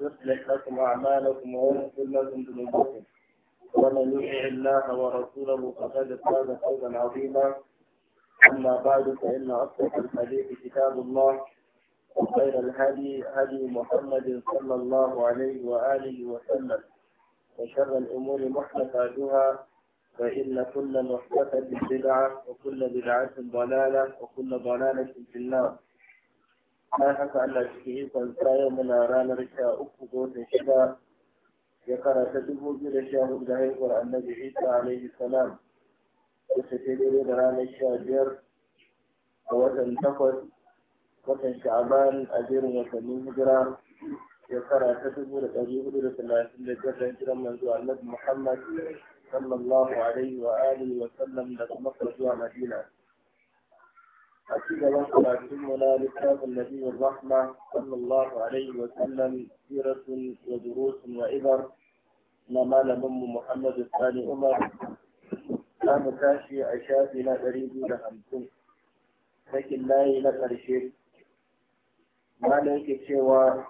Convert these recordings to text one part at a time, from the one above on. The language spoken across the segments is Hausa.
يصلح لكم أعمالكم ويغفر لكم ذنوبكم ومن يطع الله ورسوله فقد فاز فوزا عظيما أما بعد فإن أصدق الحديث كتاب الله وخير الهدي هدي محمد صلى الله عليه وآله وسلم وشر الأمور محدثاتها فإن كل محدثة بدعة وكل بدعة ضلالة وكل ضلالة في النار bayan haka Allah cikin ikon tsaye muna ranar sha uku ga shida ya karata dubu biyu da sha hudu da haihuwar annabi isa alaihi salam wacce ta daidai da ranar sha biyar a watan takwas watan sha'aban a jerin watanni hijira ya karata dubu da ɗari hudu da talatin da biyar don kiran manzo annabi muhammad sallallahu alaihi wa alihi wa sallam daga makka zuwa madina أكيد كراتم ولا لكتاب النبي الرحمة صلى الله عليه وسلم سيرة ودروس وعبر نما لمم محمد الثاني عمر كان كاشي عشافي لا أريد لهمتم لكن لا يلقى ما لك سوى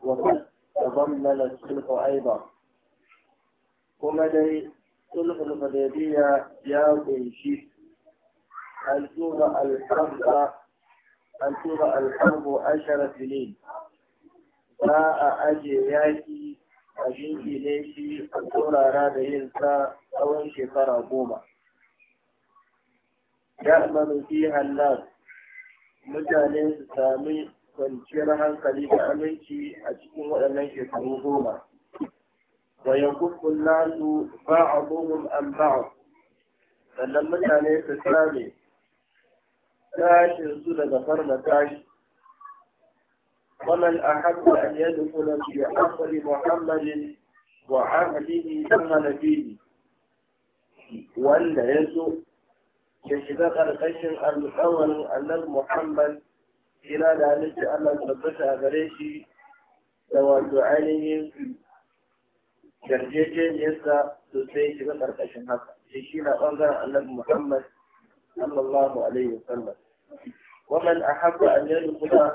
وقد تضمن الصلح أيضا كما دي صلح الحديبية يا قنشيت an tura alhambu a ba a ajiye yaki a jinki ne shi a tsorara da yin sa tsawon shekara goma ya amalu fi hannun mutane su sami kwanciyar hankali da aminci a cikin waɗannan shekaru goma ba yin nasu ba a gomun sannan mutane su sami tashin su daga farmata shi ومن أحب أن يدخل في عصر محمد وعهده دخل فيه وأن يسوء يشبه القشن الأول أن محمد إلى ذلك أن تبس أغريشي سواء عينه yarjejeniyarsa sosai shiga ƙarƙashin haka shi shi na ɓangaren annabi muhammad صلى الله عليه وسلم ومن أحب أن يدخل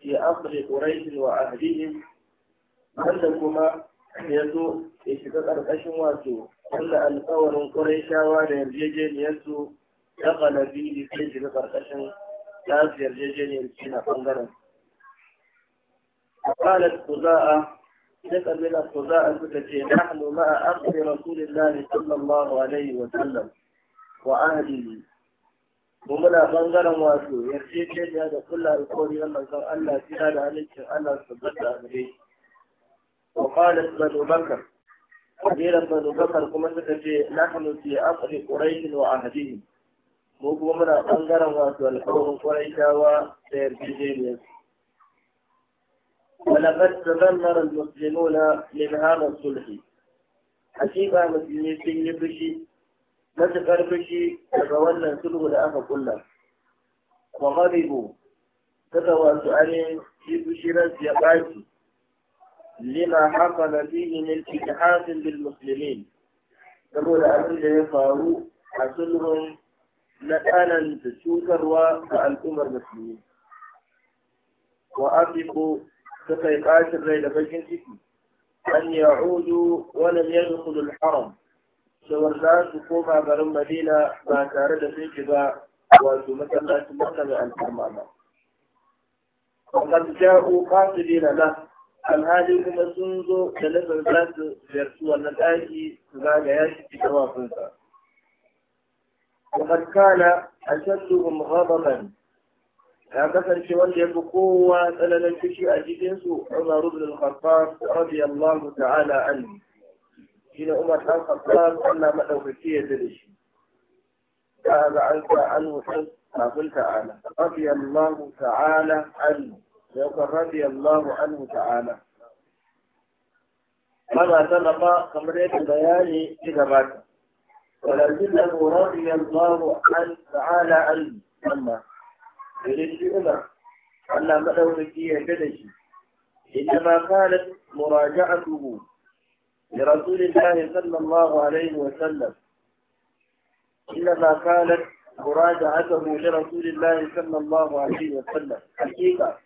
في أمر قريش kuma ya zo shiga ƙarƙashin wato wanda alƙawarin ƙuraishawa da yarjejeniyarsu ya galabi ne sai shiga ƙarƙashin nasu yarjejeniyar ce na ɓangaren. Akalat kuza'a da ƙabilar kuza'a suka ce nahnu ma'a amri rasulillahi sallallahu alaihi wa sallam wa ahlihi mu muna bangaren wato yarjejeniya da kulla alkawari na manzon Allah tira da halittar Allah su bada a gare shi. Wa qalat Banu Bakar Kabilan Banu Bakar kuma suka ce nahnu fi aqli Quraysh wa Mu kuma muna bangaren wato da ولقد تذمر المسلمون من هذا الصلح حقيقة مسلمين في بشي ماذا تتولى سلو الأهم كله وغالبوا تتوى سؤالين في بشرة لما حصل فيه من اتحاد للمسلمين تقول أهل يقعوا أسلهم نتانا تشوكر وعن أمر المسلمين وأطلقوا تتوى قاتل ليلة بجنسك أن يعودوا ولم يدخلوا الحرم cewar za su koma garin madina ba tare da sun shiga wato masallacin makka mai alfarma ba وقد جاءوا قاصدين na, alhali kuma sun zo da nufin za su ziyarci wannan ɗaki su zagaya shi cikin wafinsa. Kamar kana a shadduhum ghadaban ya kasance wanda ya fi kowa tsananin fushi a cikinsu Umar ibn al-Khattab radiyallahu ta'ala anhu shine عمر dan Khattab Allah madaukaki ya da shi قال عنك عنه حب أقول تعالى رضي الله تعالى عنه يقول رضي الله عنه تعالى كما تلقى كمريت بياني إذا بات ولكنه رضي الله عنه تعالى عنه أما يريد أمر أن مدوكي يدلشي إنما كانت مراجعته لرسول الله صلى الله عليه وسلم إنما كانت مراجعته لرسول الله صلى الله عليه وسلم حقيقة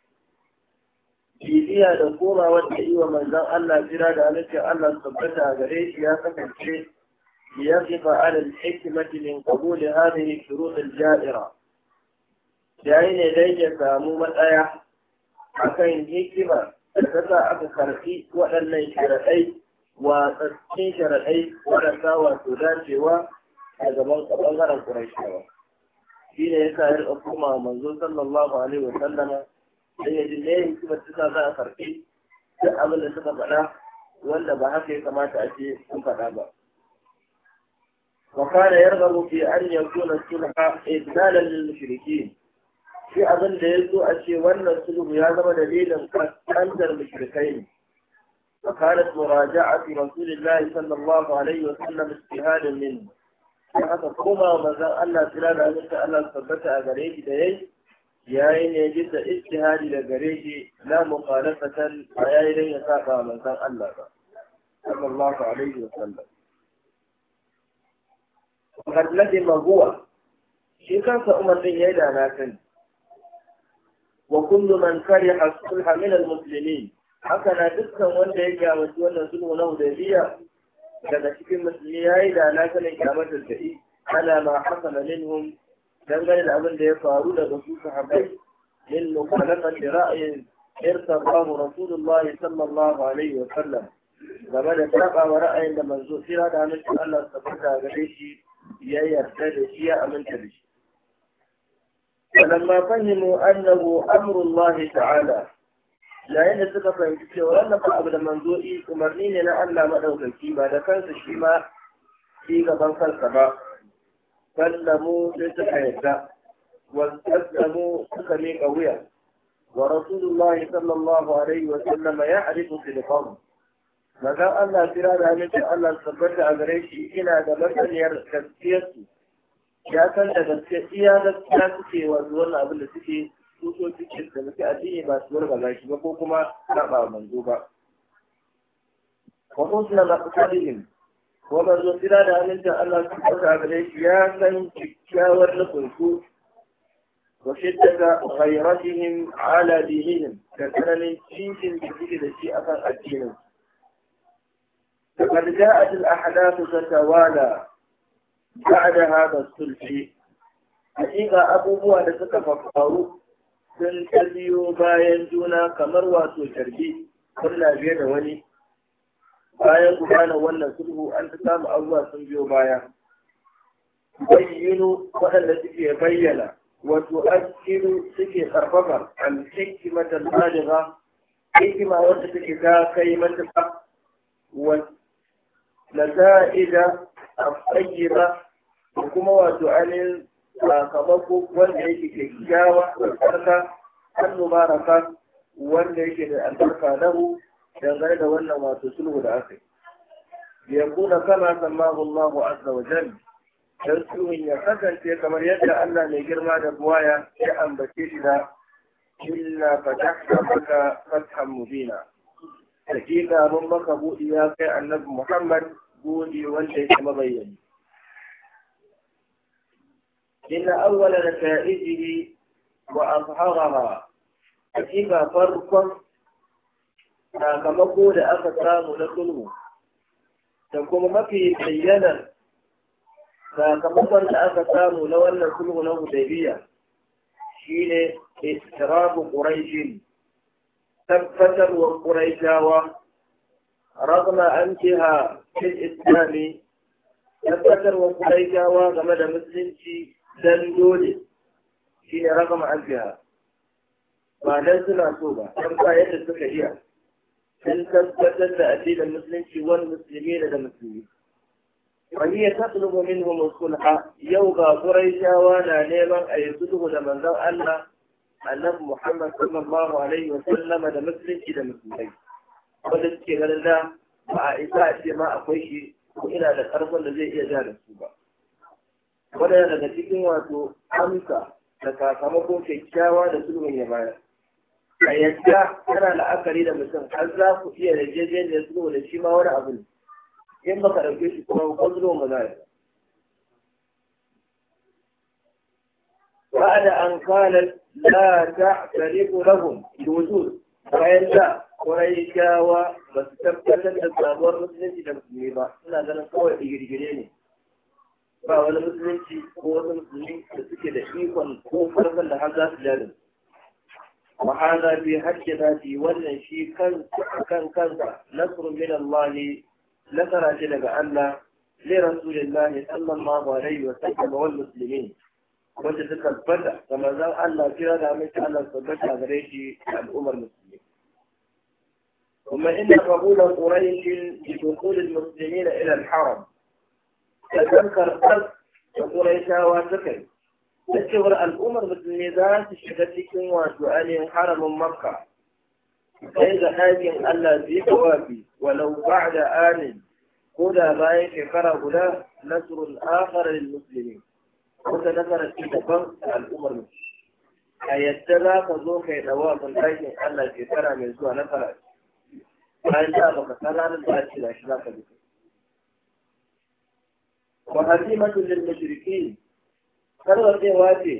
في فيها دقورة والتأيوة من ذا ألا جراد عليك ألا صبتها غريت يا شيء ليقف على الحكمة من قبول هذه الشروط الجائرة جاين إليك فهموا أيا حكين حكمة فتسا أبو خرقي وأن يشرحي watsatsin sharaɗai waɗanda wato dacewa a gaban ɓangaren ƙurashewa shi ne ya sa ya riƙa koma manzo sallallahu alaihi wa sallama sai ya ji ne hikimar za a karɓi duk abin da suka faɗa wanda ba haka ya kamata a ce sun faɗa ba وكان يرغب في أن يكون الصلح إبدالا للمشركين في أظن يزو أشي وأن الصلح يا دليلا قد أنزل المشركين وكانت مراجعة رسول الله صلى الله عليه وسلم اجتهاد منه حتى قوما ومزار أن سلام أنت أن تثبت أغريج دي يا إن يجد اجتهاد لغريج لا مخالفة ويا إلي يساق ومزار أن صلى الله عليه وسلم وقد لزم هو شي كان سأمر من يدا ناكن وكل من كره الصلح من المسلمين haka na dukkan wanda ya kyamaci wannan sulhu na hudaybiya daga cikin musulmi yi da na sanin kyamatar da ana ma hasana minhum dangane da abin da ya faru daga su sahabbai min mukhalafat li ra'yin irtabahu rasulullahi sallallahu alaihi wa sallam game da saba wa ra'ayin da manzo sira da hannun Allah tabbata gare shi ya yarda da shi ya aminta da shi فلما فهموا أنه أمر الله تعالى yayin da suka fahimci cewa wannan ba abu da manzo'i umarni ne na Allah madaukaki ba da kansa shi ma shi gaban kansa ba sallamu sai suka yadda wa sallamu suka miƙa wuya wa rasulullahi sallallahu alaihi wa sallam ya arifu silqam maza Allah tira da aminci Allah tabbata a gare shi ina da masaniyar gaskiyarsu ya san da gaskiya iya gaskiya suke wanzu wannan abin da suke su so suke da muke addini ba su warga shi ba ko kuma saba manzo ba wa husna maqsadihim ko zo sira da aminta Allah su fara gare shi ya san kyakkyawar nufin su wa shiddata ghayratihim ala dinihim da tsananin cikin da suke da shi akan addinin فقد جاءت الأحداث تتوالى بعد هذا السلح hakika abubuwa da suka faru sun ta biyo bayan juna kamar wato sharbi kunna biye da wani bayan gudanar wannan sulhu an ta samu abuwa sun biyo baya bayyano waɗanda suke bayyana wato akilu suke karfafa an hikimata baliga hikima wanda suke ta kai matuƙa wa laza'ida a tsayyira da kuma wato ainihin sakamako wanda yake kyakkyawa albarka an mubaraka wanda yake da albarka da dangane da wannan wato sulhu da aka yi kuna kama sallahu Allahu azza wa jalla dan sulhun ya kasance kamar yadda Allah mai girma da buwaya ya ambace shi da illa fatahta maka fatham mubina hakika mun maka buɗi ya kai annabi Muhammad gode wanda yake mabayyani إن أول نتائجه وأظهرها أجيب فرقا كما قول أفتام لكله تكون ما في بيانا كما قول أفتام لو أن كله له دبيا شين اضطراب قريش تبتر وقريشاوة رغم أنتها في الإسلام tabbatar wa kudaigawa game dan dole shi ne raka ma'afiya ba dan suna so ba dan ba yadda suka iya sun tabbatar da addinin musulunci wani musulmi daga musulmi wani ya tatsunubu min homo sulha yau ga turai shawa na neman a yi sulhu da manzan allah annab muhammad sallallahu alaihi wa sallama da musulunci da musulmai wanda suke ganin da ba a isa a ce ma akwai shi ko ina da karfin da zai iya jarin su ba wadanda daga cikin wato amsa da sakamakon kyakkyawa da sulhun ya bayar a yadda yana la'akari da mutum har za ku iya yarjejeniyar sulhu da shi ma wani abu ne in baka ɗauke shi kuma ko sulhun ba da a Lata بعد أن قالت لا تعترف لهم بوجود وإلا tabbatar da sabuwar أسلام والمسلمين في ba, suna ganin kawai digirgire ne ba wani musulunci ko wasu musulmi da suke da ikon ko farkon da har za su jari wa hada bi hakki zati wannan shi kan kan kansa nasru min Allah nasara ce daga Allah li rasulillahi sallallahu alaihi wa sallam wal muslimin wanda suka tabbata ga zan Allah kira da mai Allah tabbata gare shi al'ummar musulmi quraish إن dukhul al-muslimin ila al haram. da kan karɓar da shawa ta kai. da cewar al'ummar musulmi za su shiga cikin wato ainihin haramin makka sai da ɗakin allah zai tawafi walau ba da anin ko da bayan shekara guda nasrun akhar musulmi muslimin wata nasara ce daban da al'ummar musulmi a yadda za ka zo kai dawafin ɗakin allah shekara mai zuwa na karatu bayan da baka san ranar da ake da shi za ka bi wa hazimatun lil mushrikin tarwatsewa ce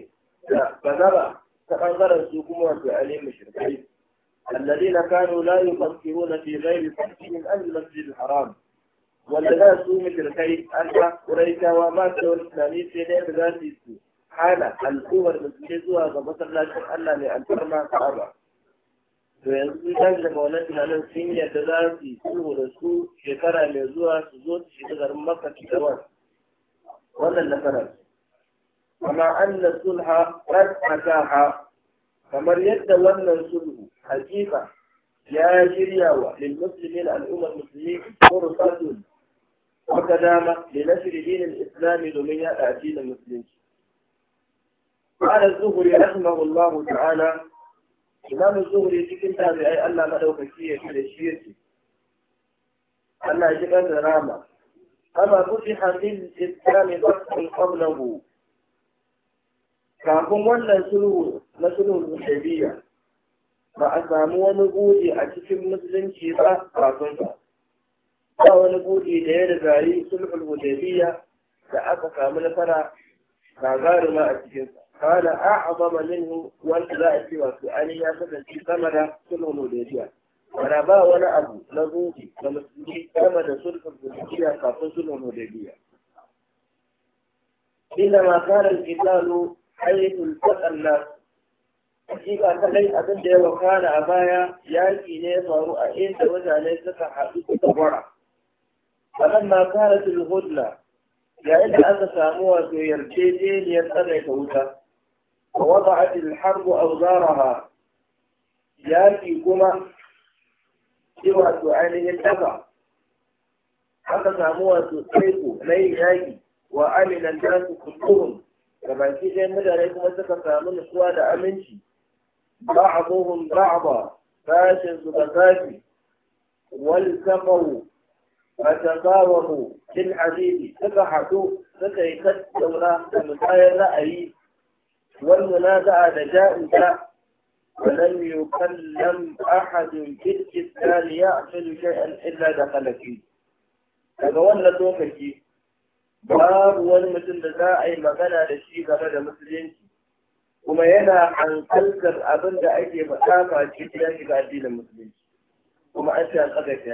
da bazara ta bangaren su kuma wato alim mushrikai الذين كانوا لا يفكرون في غير صحيحهم عن المسجد الحرام والذين سوء مشركي أن قريشا وما سوى الإسلامي في نعم ذاتي حالة الأول المسجد زوا غمت الله شر ألا لأنترما كعبة ويزوج da maulan tunanin sun yadda za su yi sulhu da su shekara mai zuwa su zo su shiga garin makka da wannan nasarar Amma anna sulha qad ataha kamar yadda wannan sulhu hakika ya shirya wa lil muslimin al'ummar musulmi fursatun wata dama da nashiri dinin islami domin ya ɗaci da musulunci. Ƙwada zuhuri rahimahullahu ta'ala, imamu zuhuri cikin tabi'ai Allah maɗaukaki ya shi da shi yake. Allah ya ji da rama kama futiha min islami fasin qablahu kafin wannan sulhu na sulhul hudaybiya ba a samu wani buɗe a cikin musulunci ba kafin ba ba wani buɗe da ya riga yi sulhul hudaybiya da aka samu nasara ma a cikin cikinsa قال أعظم منه وأنت لا أتي وسؤالي يا فتى في ثمرة كله مديرية wala ba wani abu na zuci da musulmi kama da sulhul zuciya kafin sulhul hudaybiya Ina ma kana al-qitalu haythul taqalla hakika kadai abin da ya wakana a baya yaƙi ne ya faru a inda mutane suka haɗu suka gwara sannan ma kana al yayin da aka samu wato yarjejeniyar ta wuta ووضعت harbu أوزارها Yaƙi kuma. cewa su ainihin daga aka samu wato tsaiko na yin yaƙi wa aminan da su kulluhum da baki ɗayan mutane kuma suka samu nutsuwa da aminci ba a bohun ba a ba sashen su ga sashi wal kamau a tasawahu cin hadidi suka haɗu suka yi tattauna da musayar ra'ayi za a da ja'in ولم يكلم أحد في الاستثناء ليعمل شيئا إلا دخل فيه daga wannan lokaci babu wani mutum da za a yi magana da shi game da musulunci kuma yana hankaltar abin da ake faɗa face addinin musulunci kuma an ce ta yaki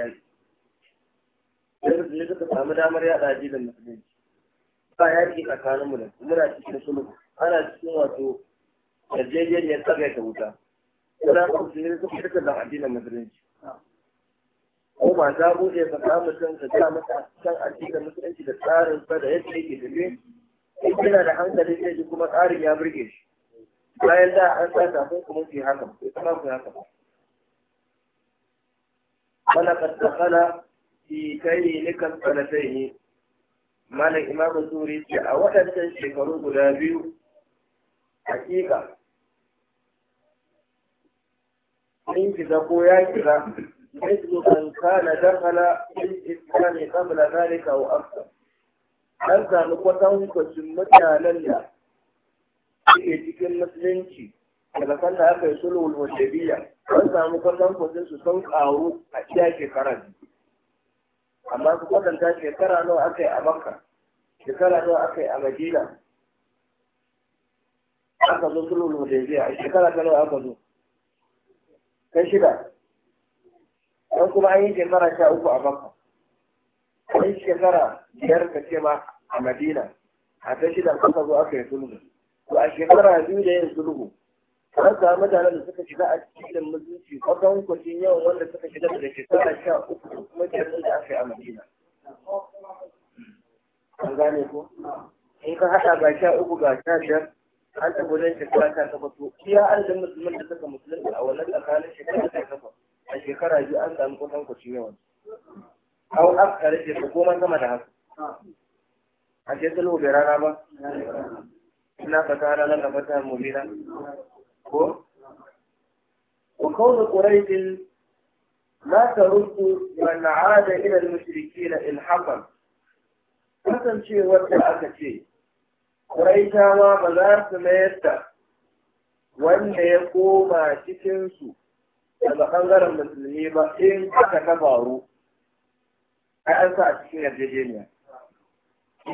sai musulmi suka samu damar yaɗa addinin musulunci ba yaki tsakaninmu da muna cikin sulhu ana cikin wato yarjejeniyar tsaga ta wuta yana kan su ne suka shirka da addinin musulunci ko ba za mu iya faɗa mutum ka gina masa kan addinin musulunci da tsarin sa da yadda yake tafe in yana da hankali zai ji kuma tsarin ya burge shi bayan da an sa kafin kuma su yi haka bai kuma su haka ba ولقد دخل في ne. السنتين مالك Suri ce a waɗancan shekaru guda biyu hakika in kiza ko ya kiza مثل من كان دخل في الإسلام قبل ذلك أو أكثر an sami kwatan hukuncin mutanen da suke cikin musulunci daga sanda aka yi sulhul hudaybiya an sami kwatan hukuncin su sun karu a ciya shekarar amma su kwatanta shekara nawa aka yi a makka shekara nawa aka yi a madina aka zo sulhul hudaybiya a shekara ta nawa aka zo kai shida ko kuma an yi shekara sha uku a makka an yi shekara biyar ka ce ma a madina a ta shida kuka zo aka yi sulhu to a shekara biyu da yin sulhu an ka mutanen da suka shiga a cikin musulunci kwatan kwacin yawan wanda suka shiga daga shekara sha uku kuma biyar da aka yi a madina an gane ko in ka haɗa ga sha uku ga sha biyar an tabbata shekara sha takwas to iya da musulman da suka mutu a wannan tsakanin shekara da kafa a shekara biyu an samu kusan kwaci yawan hau askara ce ko goma sama da haka a ce sulhu bai rana ba ina tsakanin nan da fata mubina ko وقول قريش لا ترد من عاد إلى المشركين الحقا kasancewar da aka ce ƙuraitawa ba za su mayar da wanda ya koma cikinsu daga ɓangaren musulmi ba in aka ta faru a an sa a cikin yarjejeniya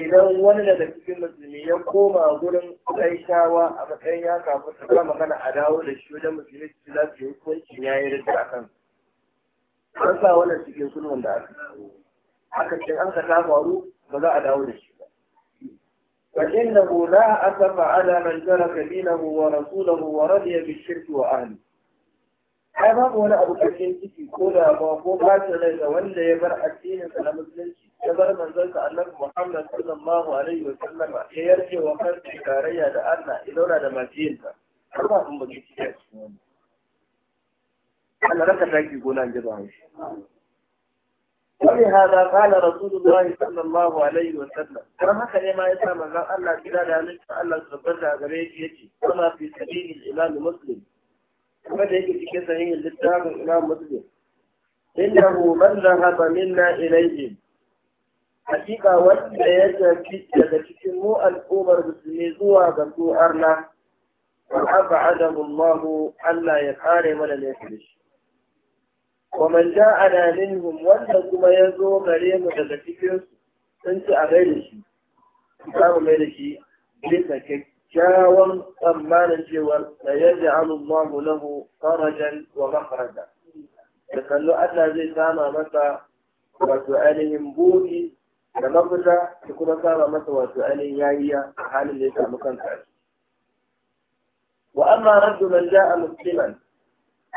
idan wani daga cikin musulmi ya koma gurin ƙaishawa a matsayin ya kafa ta ba magana a dawo da shi wajen musulmi cikin za su yi hukuncin ya yi rinta a kan an sa wannan cikin sulhun da aka aka ce an ka ta faru ba za a dawo da shi فإنه لا أثم على من ترك دينه ورسوله ورضي بالشرك وأهله ai babu wani abu karshen ciki ko da ko bacin rai wanda ya bar addinin sa na musulunci ya bar manzon sa annabi Muhammad sallallahu alaihi wa sallam ya yarje wa kansa tarayya da Allah ya zauna da masiyinsa har ba mun baki cikin wannan Allah raka taki gona ji ba ولهذا قال رسول الله صلى الله عليه وسلم كما كان ما يسمى من الله كذا ذلك الله سبحانه غريب يجي كما في سبيل الإمام مسلم كما يجي في صحيح الكتاب الإمام مسلم إنه من ذهب منا إليهم حقيقة wanda ya tafi daga cikin mu زوا musulmi zuwa ga الله arna يقارب ولا Allah wa man ja'ana minhum kuma ya zo gare mu daga cikin sun ci a gai da shi za mu mai da shi bisa kyakkyawan tsammanin cewa da ya ji alullahu lahu farajan wa makaraja da kallo Allah zai sama masa wato ainihin buɗi da mafita da kuma sama masa wato ainihin yayiya a halin da ya samu kansa wa amma raddu man ja'a musliman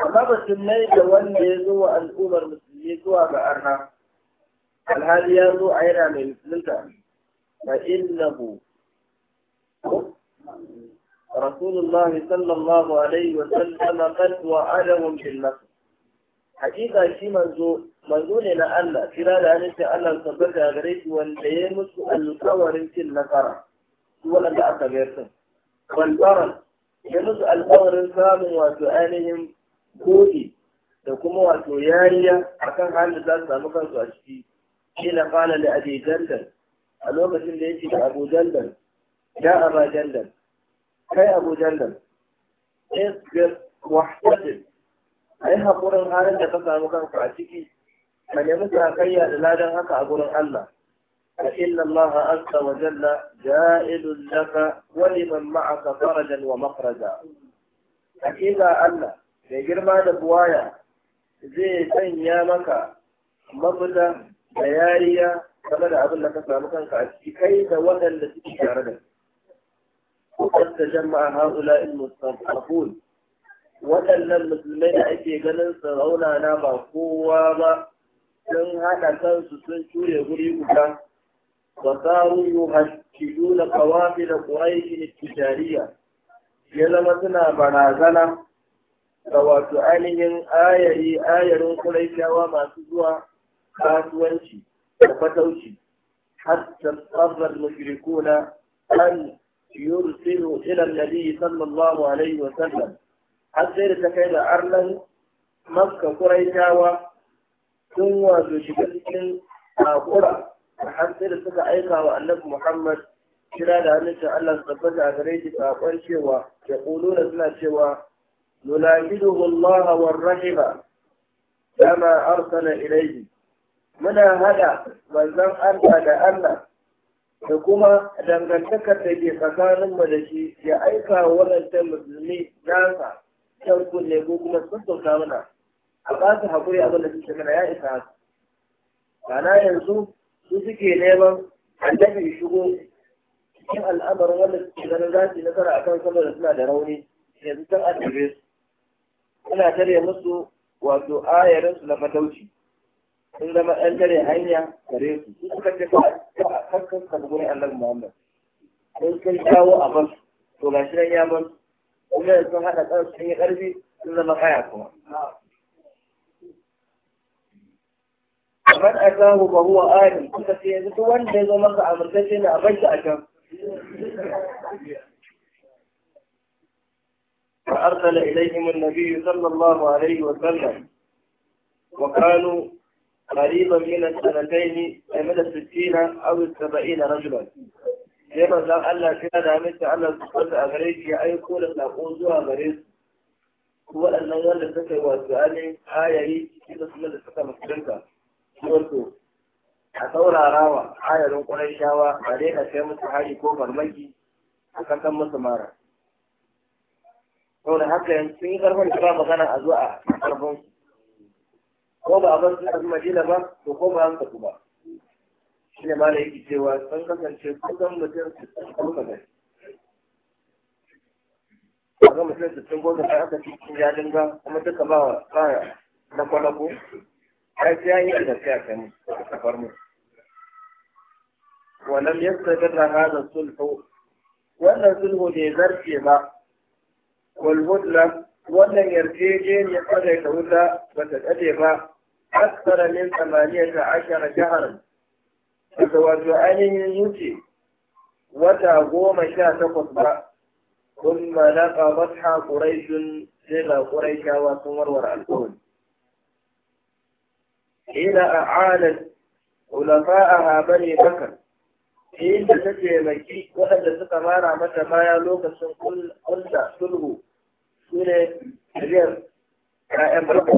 amma ba su mai da wanda ya zo wa al'ummar musulmi zuwa ga arna alhali ya zo a yana mai musulunta fa innahu رسول الله صلى الله عليه وسلم قد وعدهم بالنصر حقيقة شي منزو منزو ne na Allah kira da hannun Allah tabbata gare shi wanda ya musu alƙawarin cin nasara su wanda aka gayar ya samun wato ainihin koɗi da kuma wato yariya akan halin za su samu kansu a ciki shi na kala da abu dandal a lokacin da yake da abu dandal da aba dandal kai abu dandal isbir wahtajin ai haƙurin halin da ka samu kansu a ciki ka nemi sakayya da ladan haka a gurin Allah fa inna Allah azza wa jalla ja'ilun laka wa liman ma'aka farajan wa makhraja hakika Allah mai girma da buwaya zai sanya maka mafita da yariya game da abin da ka samu kanka a ciki kai da waɗanda suke tare da kusan da jama'a haɗula in mustaqabun waɗannan musulmai da ake ganin sarauna na ba kowa ba sun haɗa kansu sun cure guri guda wasaru yuhashiduna qawamil quraish tijariya ya zama suna barazana da wato ainihin ayari ayarin kuraishawa masu zuwa kasuwanci da fatauci ta tsarar mushrikuna an yursilu ila nabi sallallahu alaihi wa sallam har sai da ta kai da arnan makka kuraishawa sun wato shiga cikin hakura har sai da suka aika wa annabi muhammad kira da hannun Allah su tabbata a gare shi saƙon cewa ya ƙuluna suna cewa نناشده الله والرحمة كما أرسل إليه muna haɗa manzon Allah da Allah da kuma dangantakar da ke tsakaninmu da shi ya aika waɗancan musulmi nasa can kunne ko kuma sassauta mana a ba su haƙuri abin da suke mana ya isa haka kana yanzu suke neman annabi shigo cikin al'amarin wanda suke ganin za su yi nasara akan saboda suna da rauni yanzu can annabe ina tare musu wato ayarin su na matauci sun zama ɗan tare hanya gare su su suka ce kakkan kalgurin Allah muhammad sun kai kawo a basu to ga shi nan ya basu kuma yanzu sun haɗa kan sun yi ƙarfi sun zama kaya kuma man atahu fa huwa alim kuka ce yanzu duk wanda ya zo maka amintacce ne a bai shi a can فأرسل إليهم النبي صلى الله عليه وسلم وكانوا قريبا من السنتين من الستين أو السبعين رجلا لما زال الله كنا دامت على سقط أغريك يا أي كولة مريض هو أن يولد لك وسؤالي آية كده سنة لسكة مسلمة سورته a saurara wa ayarin ƙwarai shawa a daina kai musu hari ko farmaki saboda haka yanzu sun yi karfin da ba magana a zuwa a karfin ko ba a bar su a madina ba to ko ba an tafi ba shi ne mala yake cewa sun kasance kusan mutum su kuma gari a ga mutum su tun goma aka fi cikin jalin ga kuma duka ba wa ba na kwalako ai sai an yi gaskiya kai mu kafar mu ta يستقر hada sulhu wannan sulhu ne zarce ba والهدنة wannan yarjejeniyar ta wuta ba ta tsade ba aksara min samaniya ta ashara jihar daga wato ainihin yuce wata goma sha takwas ba kun ma na ƙabar ha ƙuraishun sai ga sun warware alƙawari ila a anan ulafa a habari bakar inda ta taimaki waɗanda suka mara mata baya lokacin ƙulla sulhu su ne riyar ƴaƴan barka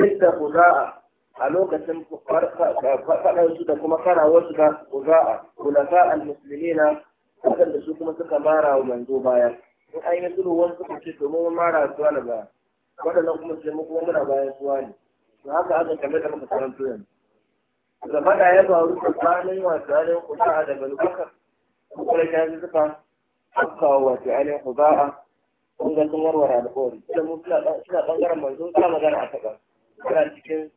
bisa kuza'a a lokacin faɗansu da kuma karawarsu da kuza'a kulafa al-musulmina waɗanda su kuma suka mara wa manzo baya in an yi sulhu wasu suka ce domin mun mara suwa na baya waɗannan kuma sai mu kuma muna bayan suwa ne su haka aka kamar da muka karanto yanzu gaba da ya faru tsakanin wasu ainihin kuza'a daga banu bakar kuma ya zuka afkawa wasu ainihin kuza'a kun ga sun warware alƙawari da mu suna ɓangaren manzo suna magana a taɓa suna cikin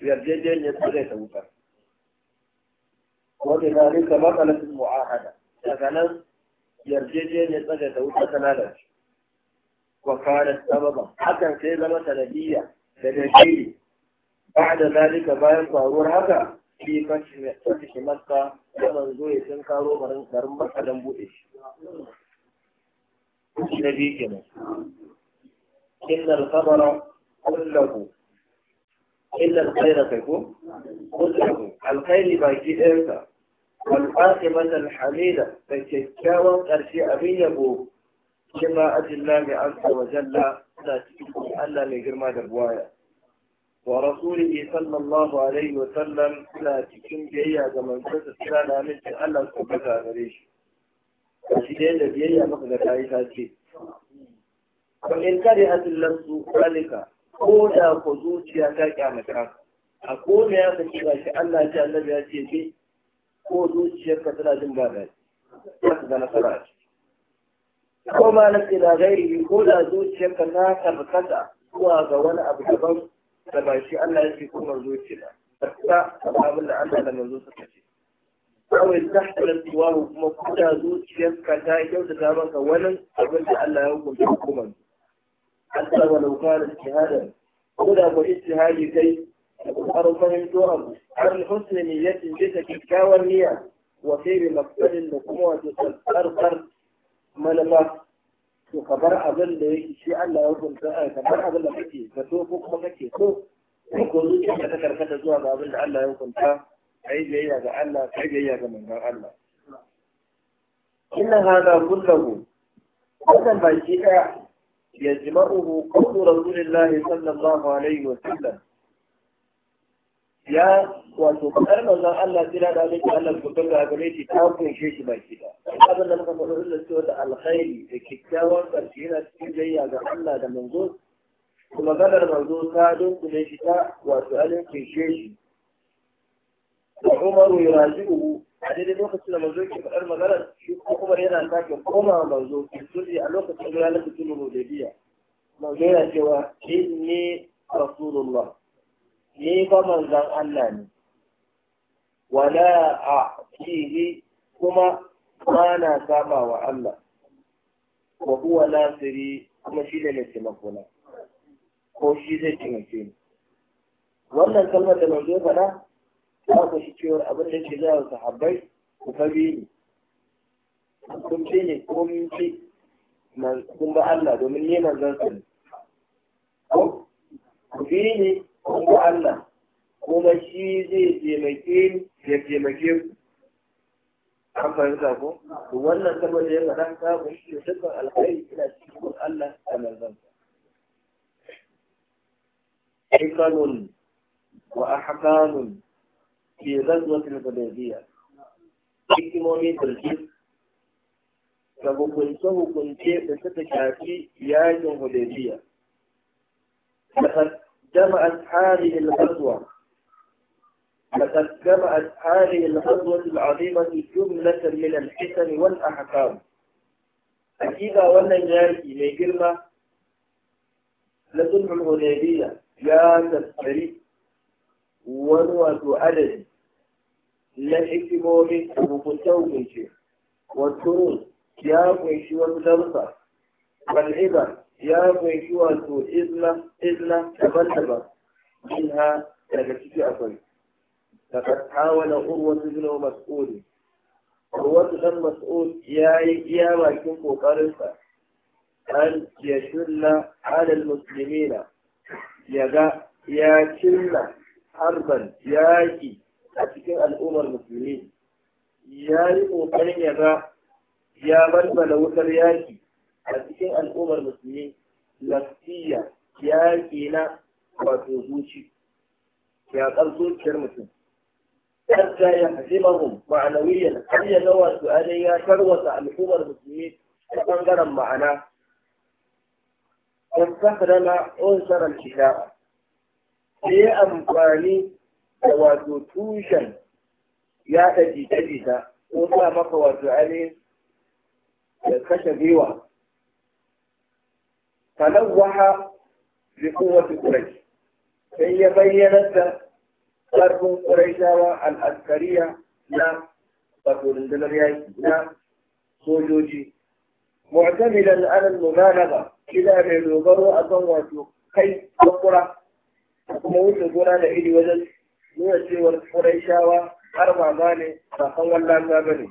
yarjejeniyar su zai ta wuta wanda na rika matsalacin mu'ahada daga nan yarjejeniyar tsaga ta wuta tana da shi wa kare sababa hakan sai zama sanadiyya da dalili ba da zalika bayan faruwar haka shi kashi maska da manzo ya sun karo garin masa don buɗe shi na biyu kenan إن الخبر كله إلا الخير تكون كله الخير باقي أنت والعاقبة الحميدة تكتاوى قرشي أبي يبو كما أجل الله عز وجل لا تكون ألا لجرما دبوايا ورسوله صلى الله عليه وسلم لا تكون جيا زمن كنت سلانا من ألا تكون غريش shi da yadda biyayya maka ga tayi ta ce fa in kare atin lansu zalika ko da ko zuciya ta kyamata a ko da ya kace ga shi Allah ya ce annabi ya ce ke ko zuciyarka tana jin ba da ta ga nasara ko ma na ila gairi ko da zuciyarka ta karkata zuwa ga wani abu daban da ba shi Allah ya ce kuma zuciya ta abin da Allah da manzo suka ce kawai ta halatta wahu kuma kuda ka ta kyautata maka wani abin da Allah ya hukunta hukumar. Allah wa laukarar shahadar. Kuda ku hali kai da ƙoƙarin fahimto abu. Har ya niyyatin ta kyakkyawar niyya wa sai mafsadin da kuma wato tsarkar malama. To ka bar abin da yake shi Allah ya hukunta eh, bar abin da kake so ko kuma kake so. Ko zuciya ta karkata zuwa ga abin da Allah ya hukunta kai biyayya ga Allah kai biyayya ga manzon Allah inna hada kullahu wannan baki daya yajma'uhu qawlu rasulillahi sallallahu alaihi wa sallam ya wato kar manzon Allah tira da alaihi Allah ku daga gare shi ta kunshe shi baki da abin da muka faɗa da cewa da alkhairi da kikkiawan karshe yana cikin jayya ga Allah da manzon kuma gadar manzo ta dunkule shi ta wato alin kunshe shi Umar ya raji'u a daidai lokacin da manzo faɗar magana shi ko Umar yana sake koma manzo ke sulhi a lokacin da ranar bikin Hudaybiya manzo yana cewa inni rasulullah ni fa manzon Allah ne wala a'tihi kuma ba na saba wa Allah wa huwa nasiri kuma shi ne mai taimakona ko shi zai taimake wannan kalmar da manzo faɗa za ku shi cewar abin da ke zuwa sahabbai ku fabi ne kun ce ne kun ce kun ba Allah domin ne manzon sa ne ku bi ne kun ba Allah kuma shi zai taimake ni ya taimake ku an fahimta ko to wannan saboda ya faɗa ka ku shi dukkan alkhairi ina cikin Allah da manzon sa حكم وأحكام في غزوة hudaybiyah hikimomin bilkis da hukunce-hukunce da suka shafi yakin hudaybiya لقد جمعت هذه الغزوة لقد جمعت هذه الغزوة العظيمة جملة من الحسن والأحكام أكيد وأن ياركي ميجرمة لصلح الهديبية يا تسعري wani wato adadi na hikimomin hukuntar kunshi wato ya kunshi wani zarfa kwalliba ya kunshi wato izina izna daban-daban min ha daga ciki akwai masu hawala urwatu ibn mas'ud masu ibn ya yi iya bakin kokarin sa an yashulla ala almuslimina yaga ya killa harban yaƙi a cikin al'ummar musulmi ya yi ƙoƙarin ya ga ya balbala wutar yaƙi a cikin al'ummar musulmi lafiya yaƙi na wato zuci ya yaƙar zuciyar mutum hatta ya hasimahum ma'anawiyan har ya ga wato ainihin ya tarwata al'ummar musulmi ta ɓangaren ma'ana. Wasu sakarana ƙunsar al shiga sai ya amfani da wato tushen ya da jita-jita ko sa maka wato ane da kashe gwiwa. Sanan waha da kowace ƙurai, sai ya bayyana da ƙarfin ƙurai shawa al'askariya na wato rundunar yaki na sojoji. Mu'tamilan ala al-mubalagha ila mai dogaro akan wato kai da ƙura. da kuma wuce gona da iri wajen nuna cewar shawa har mama ne ba kan wallan ba ne.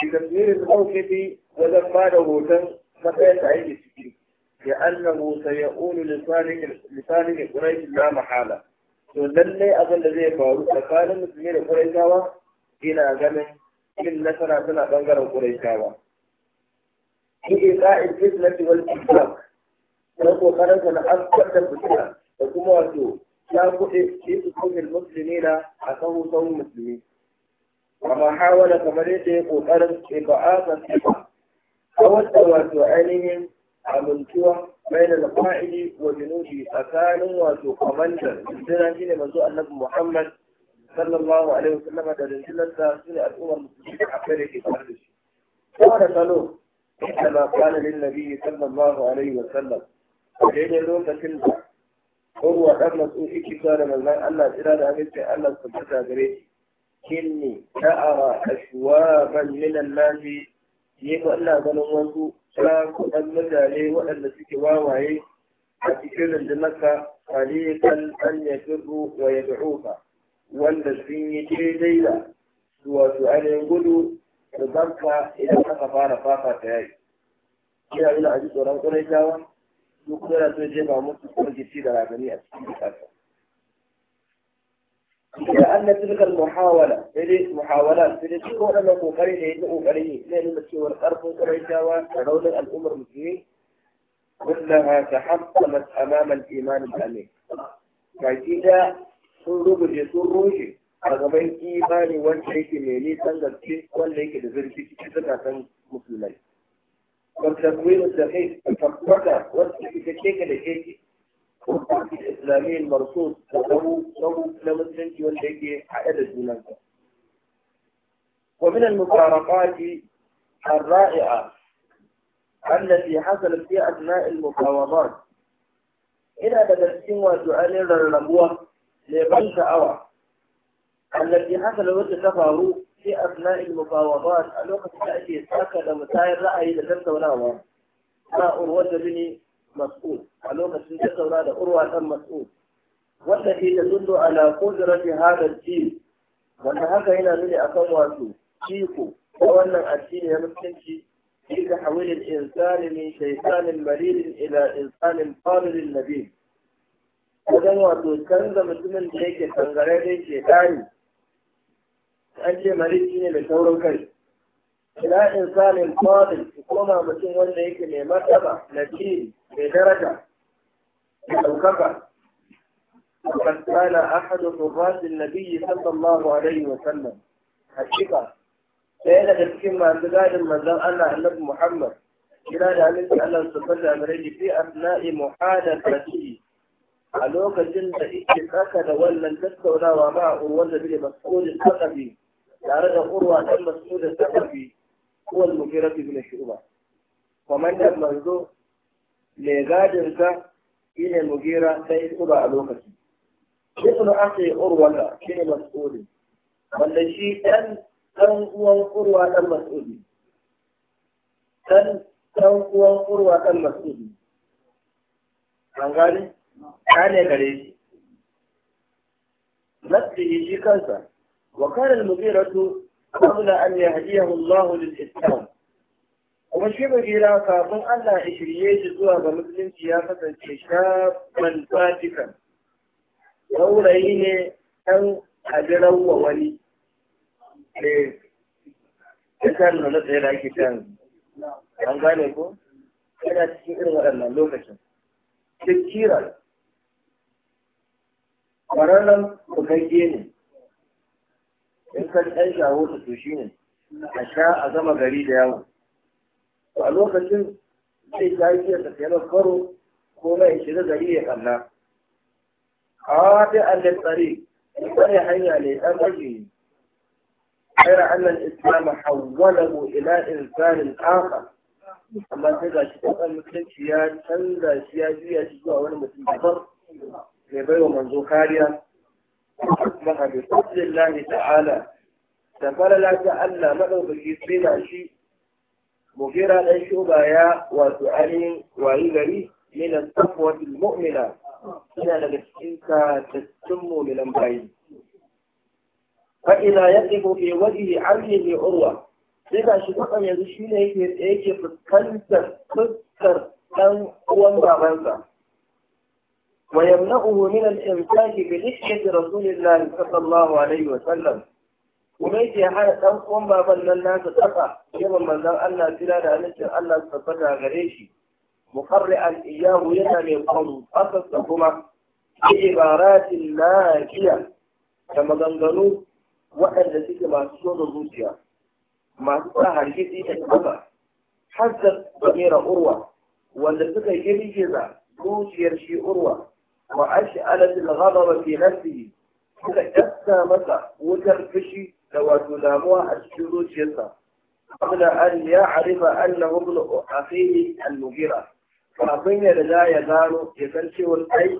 Shi tasirin mawkifi wajen ba da hoton matsayin da ake ciki. Ya ya annahu da lisanin shi na mahala. To lallai abin da zai faru tsakanin musulmi da shawa, ina ganin yin nasara tana bangaren shawa. Shi iqa'il fitnati wal islam. Na kokarin na an kwatar fitina da kuma wato ya kuɗe shi su kofin musulmi na a sahu sahun musulmi A hawala kamar yadda ya ƙoƙarin iba'asa sifa a wata wato ainihin amintuwa bai da fa'ili wa junubi tsakanin wato kwamandar rundunar shi ne manzo annabi muhammad sallallahu alaihi wasallam da rundunarsa su ne al'ummar musulmi a kai da ke tare da shi saboda salo كما قال للنبي صلى الله a daidai lokacin da. Urwa ɗan matsu iki zuwa da manzan Allah tsira da sai Allah su fata gare shi. Kinni ta'ara ban minan nasi ne ko ina ganin wasu kuɗan mutane waɗanda suke wawaye a cikin rundunarka kalikan an ya firru wa ya du'uka wanda sun yi daidai da wato ainihin gudu da zanka idan aka fara fafa ta yayi. Ina ina a ji tsoron ƙuraitawa duk kuma yana so jefa musu kwanci da ragani a cikin kasa. da an na tilkar muhawala sai muhawala sai dai cikin waɗannan kokarin da ya yi kokari ne zai nuna cewar ƙarfin ƙuraitawa da raunin al'ummar musulmi kullaha ta hakkama amaman imanin amin baki da sun rubuje sun rushe a gaban imani wanda yake mai nisan gaske wanda yake da zurfi cikin zukatan musulmai والتكوين الدقيق التفقه والتكتيك الدقيق والتحكي الإسلامي المرصود له له لمسلمك والدقيق عائد الجنان ومن المفارقات الرائعة التي حصلت في أثناء المفاوضات إلى بدرسين وسؤالين للنبوة لبنك أوى التي حصل وقت وتتفاهموا في أثناء المفاوضات الوقت تأتي ساكد مسائل رأي لتتوناها ما أروة بن مسؤول الوقت تتونا أروة مسؤول والتي تدل على قدرة هذا الجيل وأن هذا هنا من أقواته شيكو وأن الدين يمسكش في تحويل الإنسان من شيطان مريض إلى إنسان قابل نبيل wajen wato canza mutumin da yake tangare da shaitani an ce mariki ne da sauran kai ila insanin fadil ki koma mutum wanda yake mai martaba na ci mai daraja da ɗaukaka وقد كان أحد حراس النبي صلى الله عليه وسلم حقيقة ɗaya daga cikin masu gadin manzon Allah Annabi Muhammad kira da halittar Allah su fada mare fi asna'i muhadathati a lokacin da yake tsaka da wannan tattaunawa ba a urwan da bai mas'ulin tsakabi tare da urwa dan mas'ud da sahabi huwa al-mughirah ibn shu'ba komandan manzo mai gadin sa shine mugira sai shu'ba a lokaci ibn akhi urwa shine mas'ud wanda shi ɗan ɗan uwan kurwa ɗan mas'ud dan dan uwan urwa dan mas'ud an gane gare shi nafsihi shi kansa وكان المغيرة قبل أن يهديه الله للإسلام kuma shi mugira kafin Allah ya shirye shi zuwa ga musulunci ya kasance shafan fatikan saurayi ne ɗan ajiran wa wani ne kan nuna tsaye da ake can an gane ko yana cikin irin waɗannan lokacin duk kira ƙwararren bugagge ne in ka ɗan shawo ta to shine a sha a zama gari da yawo a lokacin zai ta yi ta tsaye karo ko mai shiga gari ya kalla a ta allin tsari tsare hanya ne ɗan maji غير أن الإسلام حوله إلى tsarin آخر amma sai ga shi ɗan mutunci ya canza shi ya juya shi zuwa wani mutum daban mai baiwa manzo kariya أصبح بفضل الله تعالى سفر لا تعالى مدعو بكيسين شيء مغيرا أن شبايا وسؤالين وعيغري من الصفوة المؤمنة إلى لبسكينك تتم من أمبعين فإذا يقف في وجه عبده عروة إذا شفقا يزشين يكي فكنت فكر أن أمبع غنفة ويمنعه من الإمساك بلحية رسول الله صلى الله عليه وسلم kuma yake hana ɗan uwan baban nan nasa tsaka yawan manzon Allah jira da halittar Allah su tabbata gare shi muqarri'an iyahu yana mai kwaro asasa kuma bi ibaratin najiya da maganganu waɗanda suke masu so da zuciya masu sa hargitsi da tsaka hazzar da mera urwa wanda suka girgiza zuciyar shi urwa وأشعلت الغضب في نفسه suka ƙasta masa wutar fushi da wato damuwa a cikin zuciyarsa qabla an ya arifa Allah ibn akhihi al-mughira kafin ya riga ya gano ya san cewa ai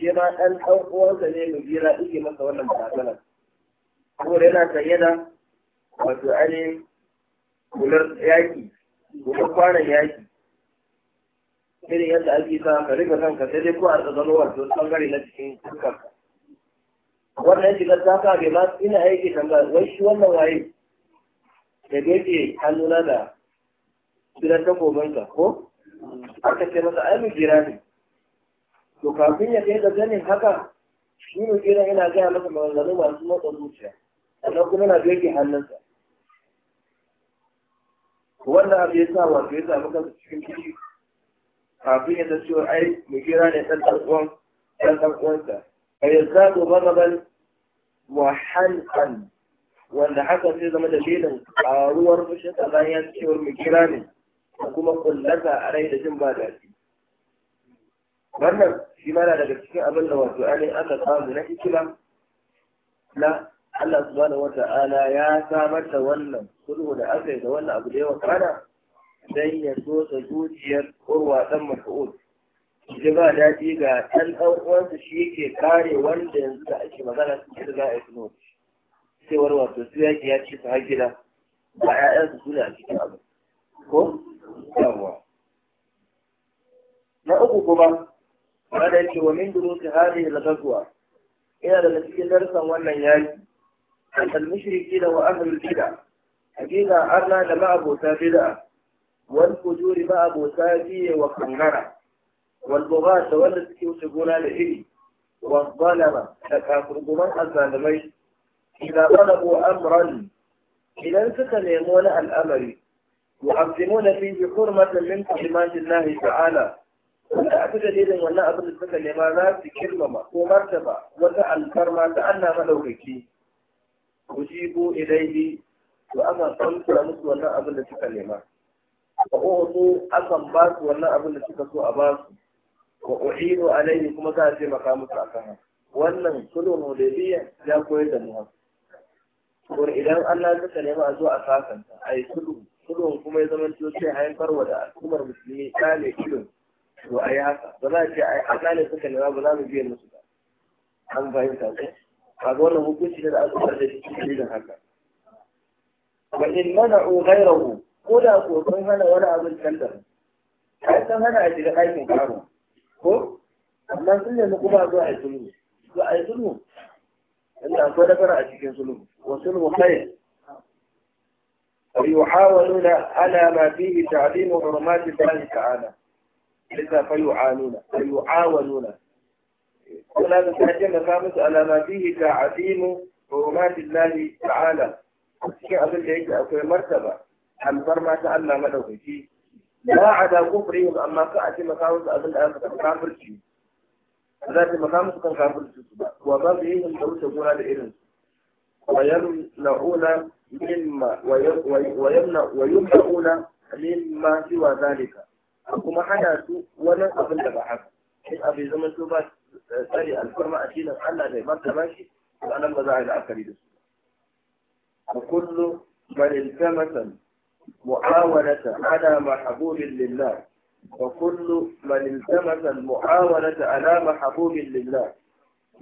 shi ɗan dan dan uwansa ne mughira yake masa wannan barazana saboda yana kayyada wato ainihin kular yaƙi kular kwanan yaƙi irin yadda ake sa ka rufe kanka sai dai ko a tsagano wato tsangare na cikin kanka wannan shigar ta ka bai ba ina aiki tambaya wai shi wannan waye da gefe hannuna da gidan takobinka, ko aka ce masa ai mu jira ne to kafin ya kai ga ganin haka shi mu jira yana gaya masa maganganu masu matsa zuciya sannan kuma na gefe hannunsa wannan abu ya sa wato ya samu kansa cikin ciki kafin ya san cewa ai kira ne ɗan dan ɗan ɗan'uwansa a zato magaban muhalqan wanda haka sai zama dalilin ƙaruwar fushinsa bayan ya mu kira ne kuma kullaka a rai da jin ba daɗi wannan shi mana daga cikin abin da wato ai aka samu na ikila na Allah subhanahu wa ta'ala ya samar da wannan sulhu da aka yi da wannan abu da yawa kana dan ya tsotsa zuciyar kurwa dan mas'ud ji ba daɗi ga ɗan ɗan shi yake kare wanda yanzu da ake magana su ji za a yi Sai wani wato su yaki ya ce su gida ba ƴaƴansu su ne a cikin abu ko yawwa na uku kuma da yake wa min durusi hali da ghazwa ina daga cikin darsan wannan yaki al-mushriki da wa ahlul bid'a hakika arna da ma'abota bid'a والفجور ما أبو a وخنغرة والبغاة والتي يوسفون لإلي والظلمة تكافر من الظالمين إذا طلبوا أمرا إذا تتنيمون الأمر يعظمون فيه حرمة من كلمات الله تعالى wanda aka dalilin wannan abin da suka nema za su kirmama ko martaba wata alfarma ta Allah madaukaki ku ji ko ilaihi to aka samtura musu wannan abin da suka nema wa u'tu akan ba su wannan abin da suka so a ba su wa uhinu alaihi kuma za a maka musu akan haka wannan sulhun hudaybiyya ya koyar da mu haka idan Allah ya nema a zo a sasanta ai sulhu sulhun kuma ya zama sai farwa da al'ummar musulmi kale ido to ai haka ba za a ce ai Allah ne saka nema ba za mu biye musu ba an fahimta ko kaga wannan hukunci da aka da shi da haka wa in mana'u ghayrahu ko da ko kun hana wani abin san hana a shiga aikin karo ko amma sun kuma a sulhu a sulhu inda akwai fara a cikin sulhu wa sulhu khair ويحاولون على ما فيه تعليم حرمات الله تعالى لذا فيعانون فيعاونون ولا تتعجل خامس على ما فيه تعليم حرمات الله تعالى الشيء أبن ليك أكوي مرتبة ma ta Allah madaukaki ba a da kufrihim amma ka a taimaka musu abin da aka taɓa kafirci ba za a taimaka musu kan kafirci su ba wa ba su yi da wuce gona da irin Wayan na'una mimma wa yamna'una mimma siwa zalika kuma hana su wani abin da ba haka in abin zama su ba tsare alfarma a cikin Allah da martaba shi Ba nan ba za a yi la'akari da su ba kullu man iltamasa معاونة على محبوب لله وكل من التمس المعاونة على محبوب لله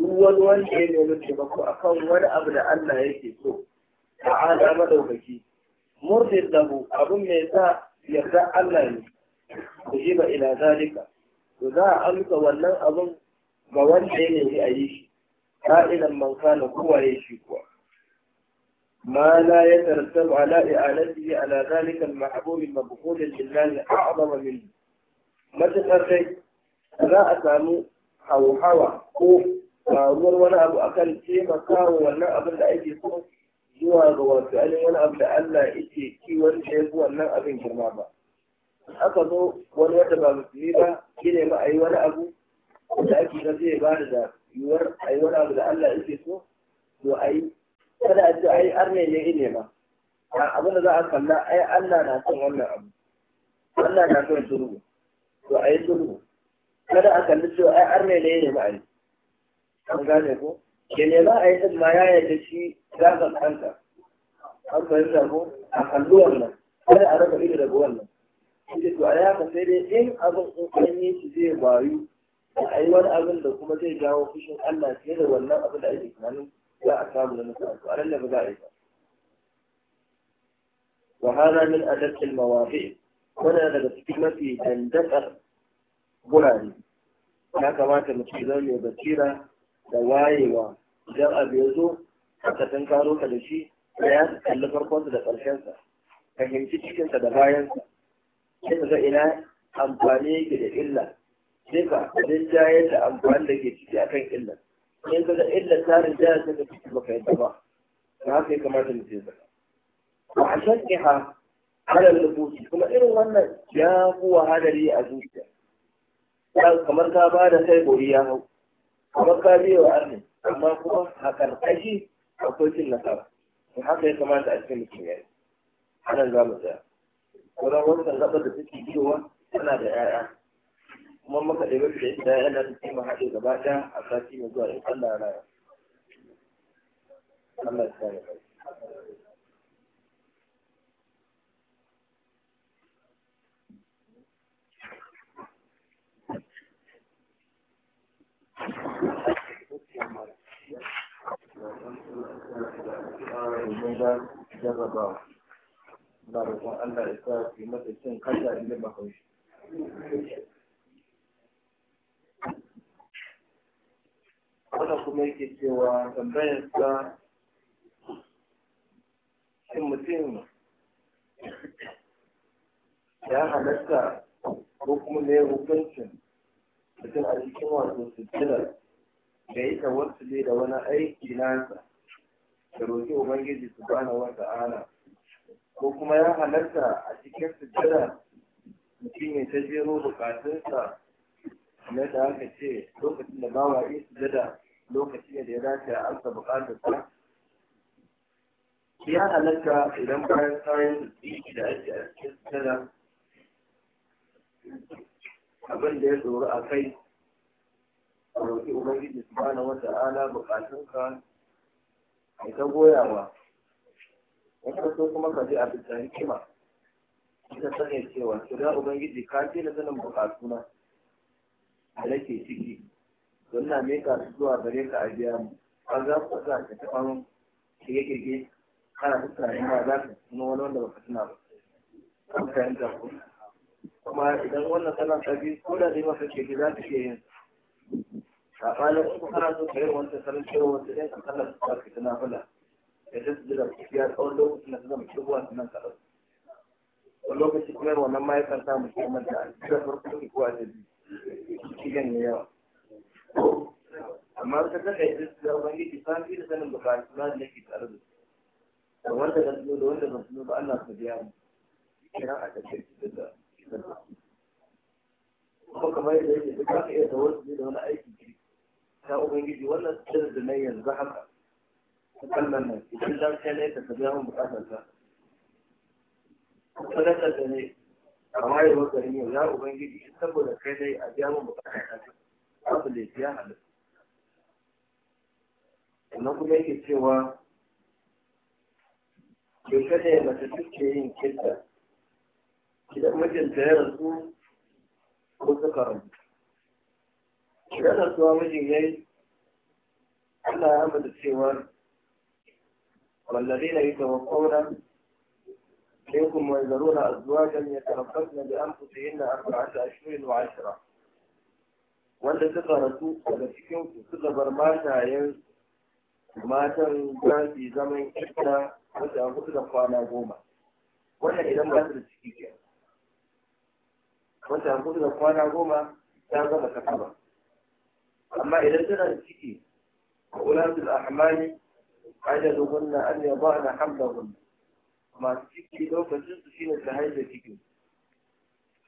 هو wanda ya nemi taimako akan wani abu da Allah yake so a ala madaukaki murdin lahu abin mai sa yarda Allah ne ku ji ba ila zalika za a amsa wannan abin ga wanda ya nemi a yi shi ka'ilan man kana kowa ya kuwa ما لا يترتب على إعانته على ذلك المحبوب المبخول لله أعظم منه matuƙar dai za a samu hauhawa ko faruwar wani abu akan taimaka wa wannan abin da ake so zuwa ga wasu ainihin wani abu da Allah yake ki wanda ya fi wannan abin girma ba. Aka zo wani wanda ba musulmi ba ma a yi wani abu da ake ga zai ba da yiwuwar a yi wani abu da Allah yake so to a yi kada a ce ai arne ne ile ma abin da za a kalla ai Allah na son wannan abu Allah na son sulhu to ai sulhu kada a kalli cewa ai arne ne ile ma ai an gane ko ke ne ba ai din ma ya yarda shi za ka kanta an fahimta ko a kalli wannan kada a raba ido daga wannan shi to ai haka sai dai in abin in an shi zai bayu a yi wani abin da kuma zai jawo fushin Allah fiye da wannan abin da ake tunanin za a samu da mutu a nan ba za a yi ba wa hada min mawafi daga cikin mafi dandakar gurare ya kamata mutum zai mai basira da wayewa idan abu ya zo ka tunkaro ka da shi da ya kalli farkonsa da ƙarshensa fahimci cikinsa da bayansa sai ka ga ina amfani yake da illa sai ka rinjaye da amfani da ke ciki akan illar in ka ga illa tarin jaya sai ka fita baka yadda ba da haka ya kamata mu ce zaka wa ashaqqiha ala nufusi kuma irin wannan ya fi wahalari a zuciya kamar ka ba da kai gori ya hau kamar ka biya wa arni amma kuma hakan karkashi akwai cin nasara to haka ya kamata a cikin mutum ya yi. anan za mu tsaya kuma wannan gaba da suke biyowa tana da 'ya'ya kuma muka ɗaya da ita yana da kima haɗe gaba ɗaya a sati mai zuwa in Allah ya raya. Allah ya sa su mata cin inda ba wanda kuma yake cewa tambayar sa shin mutum ya halatta ko kuma ne hukuncin mutum a cikin wato sujjada da yi tawassuli da wani aiki nasa da roƙi ubangiji su bana wata ana ko kuma ya halarta a cikin sujjada mutum ya ta jero bukatunsa kamar da aka ce lokacin da bawa yi sujjada lokaci da ya dace a amsa bukatar sa ya halatta idan bayan kayan tsiki da ake a cikin sujada abin da ya tsoro a kai a roƙi ubangiji su subhanahu wata'ala bukatunka a ta goyawa wata so kuma ka je a bisa hikima ita sanya cewa shiga ubangiji ka ce da sanin bukatuna da nake ciki suna meka su zuwa gare ka a biya mu an za ku sa ka taɓa mun shige-shige kana ta tunanin ba za ka tuna wani wanda baka tuna ba an fahimta ku kuma idan wannan tana tsabi ko da dai maka shege za ka ke yin a in ku kana so ka yi wancan sanar cewa wasu ɗin ka sallar su ka tuna fula ya ta su jira ya tsawon lokacin da su zama shigowa su nan kaɗan wani lokaci kuma wannan ma yakan samu shi manta a cikin farko ko a jirgi shi ne yawa amma ka saka ita da ubangiji ka fi da sanin bukatu na da nake tare da da wanda ka tuno da wanda ka tuno ba Allah ka biya mu kiran a tafiya da da kuma kamar yadda yake duk ka iya tawassuli da wani aiki kirki ta ubangiji wannan sirri da nan yanzu haka ta kallon nan idan dan kai ne ka biya mu bukatar ka kuma da ne a wayewar garin yau ya ubangiji saboda kai dai a biya mu bukatar ka abu da ya halatta sannan kuma yake cewa bai kada ya mace take yin kirta idan mijinta ya rasu ko suka rabu idan rasuwa mijin ya yi Allah ya da cewa والذين يتوفون منكم ويذرون أزواجا يتربصن بأنفسهن أربعة أشهر وعشرة wanda suka rasu daga cikin su suka bar matayen matan gasi zaman ita wata hudu da kwana goma wannan idan ba su da ciki ke wata hudu da kwana goma ta zama ta kaba amma idan tana da ciki a ulatul ahmani ajaluhunna an yadana hamlahunna masu ciki lokacin su shine ta haifa ciki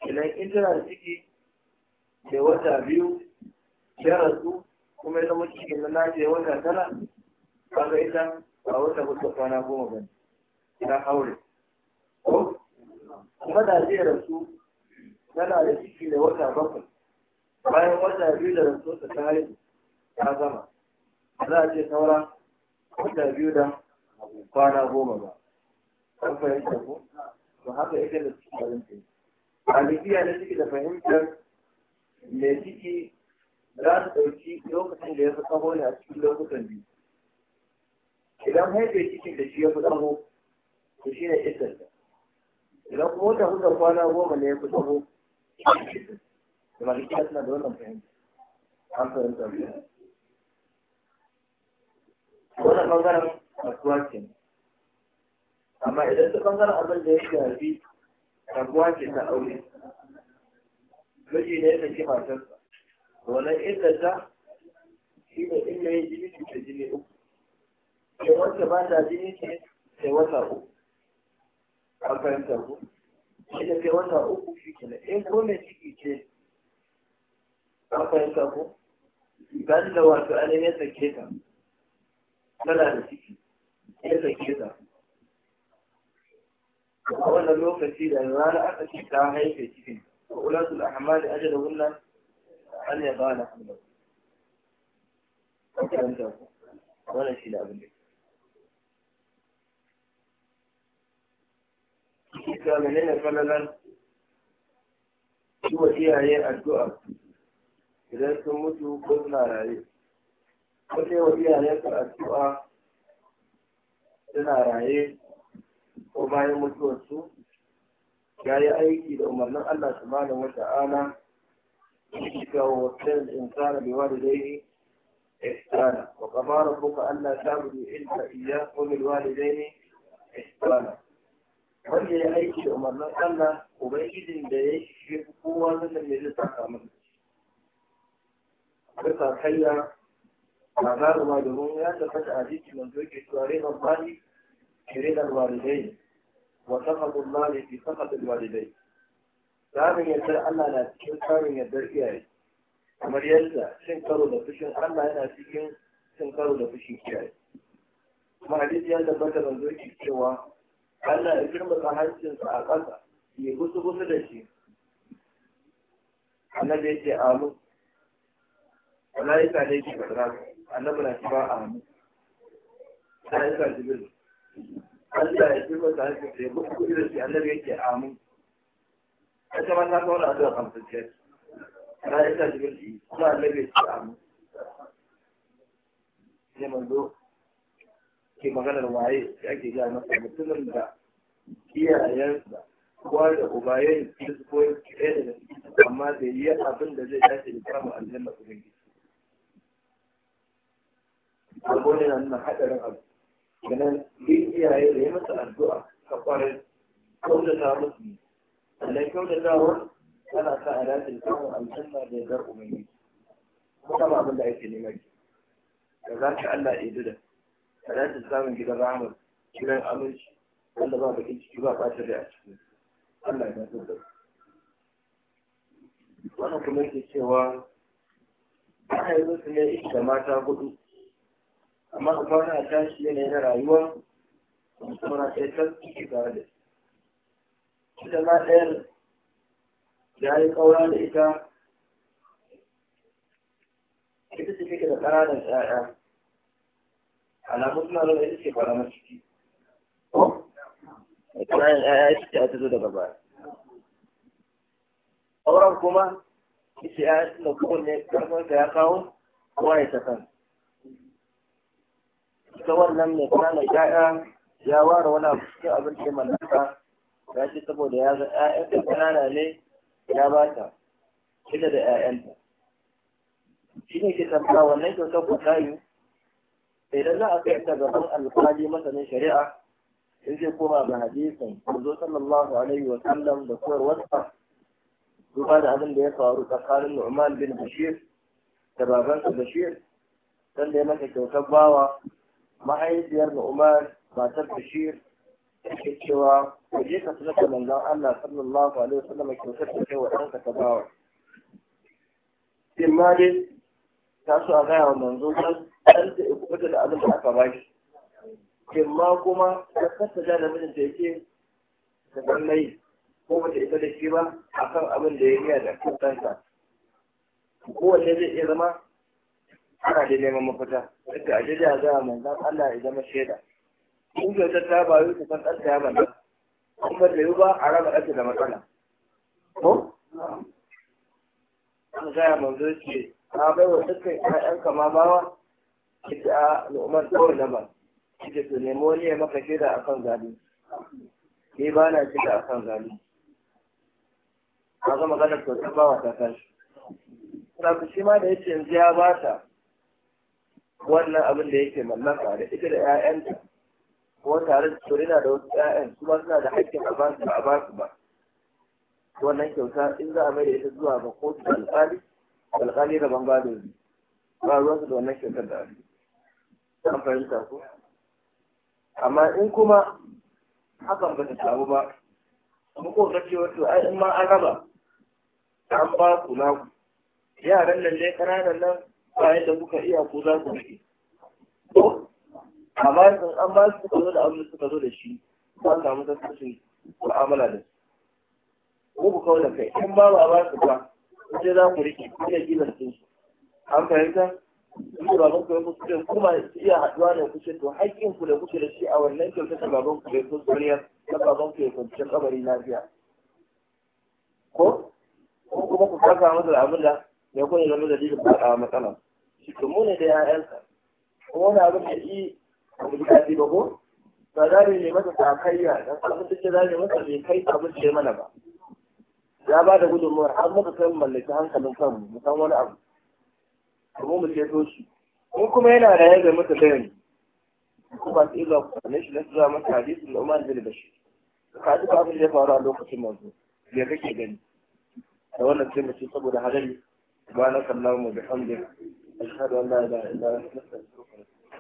idan in tana da ciki da wata biyu ya rasu kuma ya zama cikin na nace wata tara kaga ita a wata hutu kwana goma ba ne ta haure kuma da zai rasu tana da ciki da wata bakwai bayan wata biyu da rasu ta tare ta zama, za a ce saura wata biyu da kwana goma ba ta fahimta ko ba haka ita da cikin farin ciki a na ciki da fahimtar Me ciki za su ɗauki lokacin da ya fi tsaho ne a cikin lokutan biyu idan haife cikin da shi ya fi tsaho to shi ne isar idan kuma wata hudar kwana goma ne ya fi tsaho da malikiya suna da wannan fahimta an fahimta wannan ɓangaren kasuwa ce amma idan ta ɓangaren abin da ya shafi kasuwa ce ta aure miji ne ya saki matarsa wannan ta shi ne in yayi jini ta jini uku sai wacce ba ta jini ce sai wata uku an fahimta ku shi da sai wata uku shi kenan in ko mai ciki ce an fahimta ku ban da wato ainihin ya sake ta tana da ciki ya sake ta a wannan lokaci da rana aka ce ta haife cikin وأولاة الأعمال أجلهن أن يضعن حملهن ولا شيء لا أبدا Ita menene wa iyaye addu'a idan sun mutu ko suna raye. Wata yi wa iyayensa addu'a suna raye ko bayan mutuwarsu ya yi aiki da umarnin Allah subhanahu in tsara ga wasan insana bi walidayhi ihsana wa Allah ta alla ta'budu illa iyyahu wa bil walidayni ihsana wanda ya aiki da umarnin Allah ubangijin da ya shi kowa sanin da zai saka masa bisa kayya ba za ruwa domin ya tabbata a jikin manzo ke cewa rinan bani rinan walidayni wa saqatu Allah fi saqati walidai samun yardar Allah na cikin samun yardar iyaye kamar yadda cin karo da fushin Allah yana cikin cin karo da fushin iyaye kuma hadisi ya tabbata manzo yake cewa Allah ya girmama hancinsa a ƙasa ya gusu gusu da shi annabi yake amin malaika ne ke karra annabi na ci ba amin malaika jibril Allah ya kifa ta haka sai ba ku da shi annabi yake amin ita ma ta kawo addu'a kan fice ta yi ta jikin shi kuma annabi yake amin ne manzo ke maganar waye ake ga masa mutumin da iyayensa uwa da uba ya yi fiskoyin ɗaya daga cikin amma bai yi abin da zai tashi da samun aljanna ubangiji. Abu ne na nuna haɗarin abu. ganin duk iyaye da yi masa addu'a ka kwarar kyautata musu sannan kyautatawa tana sa a dace samun aljanna da yardar umarni. kuma kama abin da ake nema ki. da za ka Allah ya dada a dace samun gidan rahama gidan aminci wanda ba bakin ciki ba ɓata da a ciki Allah ya zo da wannan kuma yake cewa ana yi musu ne da mata hudu amma ka kwana a tashi yanayi na rayuwa muna sai kan ciki tare da shi da ma ɗayar ya yi ƙaura da ita ita ce take da ƙananan ƴaƴa alamun suna nuna ita ce ƙwaramar ciki ƙananan ƴaƴa ita ce ta zo daga baya ƙauran kuma ita ƴaƴa suna kowanne ƙarfin ya kawo kowa ya ta kansa ita wannan mai kana ya'ya ya ware wani abu cikin abin da mallaka ya ce saboda ya ga ƴaƴanta kanana ne ya ba ta ita da ƴaƴanta shi ne ke tambaya wannan kyautar ku yi? idan za a kai ta gaban alƙali masanin shari'a in zai koma ga hadisin manzo sallallahu alaihi wa sallam da koyarwarsa duba da abin da ya faru tsakanin Nu'man bin Bashir da babansa Bashir sanda ya masa kyautar bawa mahaifiyar Umar matar Bashir ke cewa ku je ka sanar da manzon Allah sallallahu alaihi wasallam kyautar da kai wa ɗanka ta bawa. ma dai ta so a gaya wa manzon ɗan ta ya da abin da aka ba shi. ma kuma ta kasta da da mijinta yake ta san mai ko bata ita da shi ba akan abin da ya yi da kansa. Kowanne zai iya zama ana da neman mafita yadda a jida za a manzan Allah ya zama shaida in kyautar ta bayu ta san ɗanta ya manzan Kuma ba da yi ba a raba ɗanta da matsala ko an gaya manzo ce a bai wa dukkan ƴaƴan kama bawa ita a al'ummar kawai da ba ita su nemo ne maka shaida a kan zali ni ba na shaida a kan zali ka ga maganar kyautar bawa ta tashi. Rabu shi ma da yake yanzu ya ba ta wannan abin da yake mallaka da ita da 'ya'yanta kuma tare da yana da wasu 'ya'yan kuma suna da haƙƙin a basu ba a basu ba wannan kyauta in za a mai da ita zuwa ga kotu da alƙali alƙali da bangado ne ba ruwansu da wannan kyautar da ake an fahimta ko amma in kuma hakan ba ta samu ba kuma ko ga cewa to ai in ma an raba an ba ku na ku yaran nan dai ƙananan nan ba yadda muka iya ko za su rike amma yanzu an ba su suka zo da abin suka zo da shi an samu sassacin mu'amala da su ko ku kawo da kai in ba ba ba su ba sai za ku rike ina gilan da su an fahimta in ba ku ya da kuma iya haɗuwa ne kuce to haƙƙin ku da kuke da shi a wannan kyautar da baban ku bai kuskure na baban ku ya kwanci kabari lafiya ko ko kuma ku saka masa da abin da ya kwanye zama da dalilin faɗa matsala shi to ne da ƴaƴansa kuma wani abin da yi a mulkaci ba ko ba za mu yi masa takayya dan abin da ke za mu masa bai kai abin da ya mana ba ya ba da gudunmuwar har muka kai mallaki hankalin kanmu mu san wani abu kuma mu ceto shi in kuma yana da mata yadda muka bayani kuma sai ga kwanan shi na zuwa masa hadisin da Umar da shi. ka duka abin da ya faru a lokacin manzo me kake gani da wannan sai mu ci saboda hadari subhanakallahumma bihamdika أشهد أن لا إله إلا أنت أستغفرك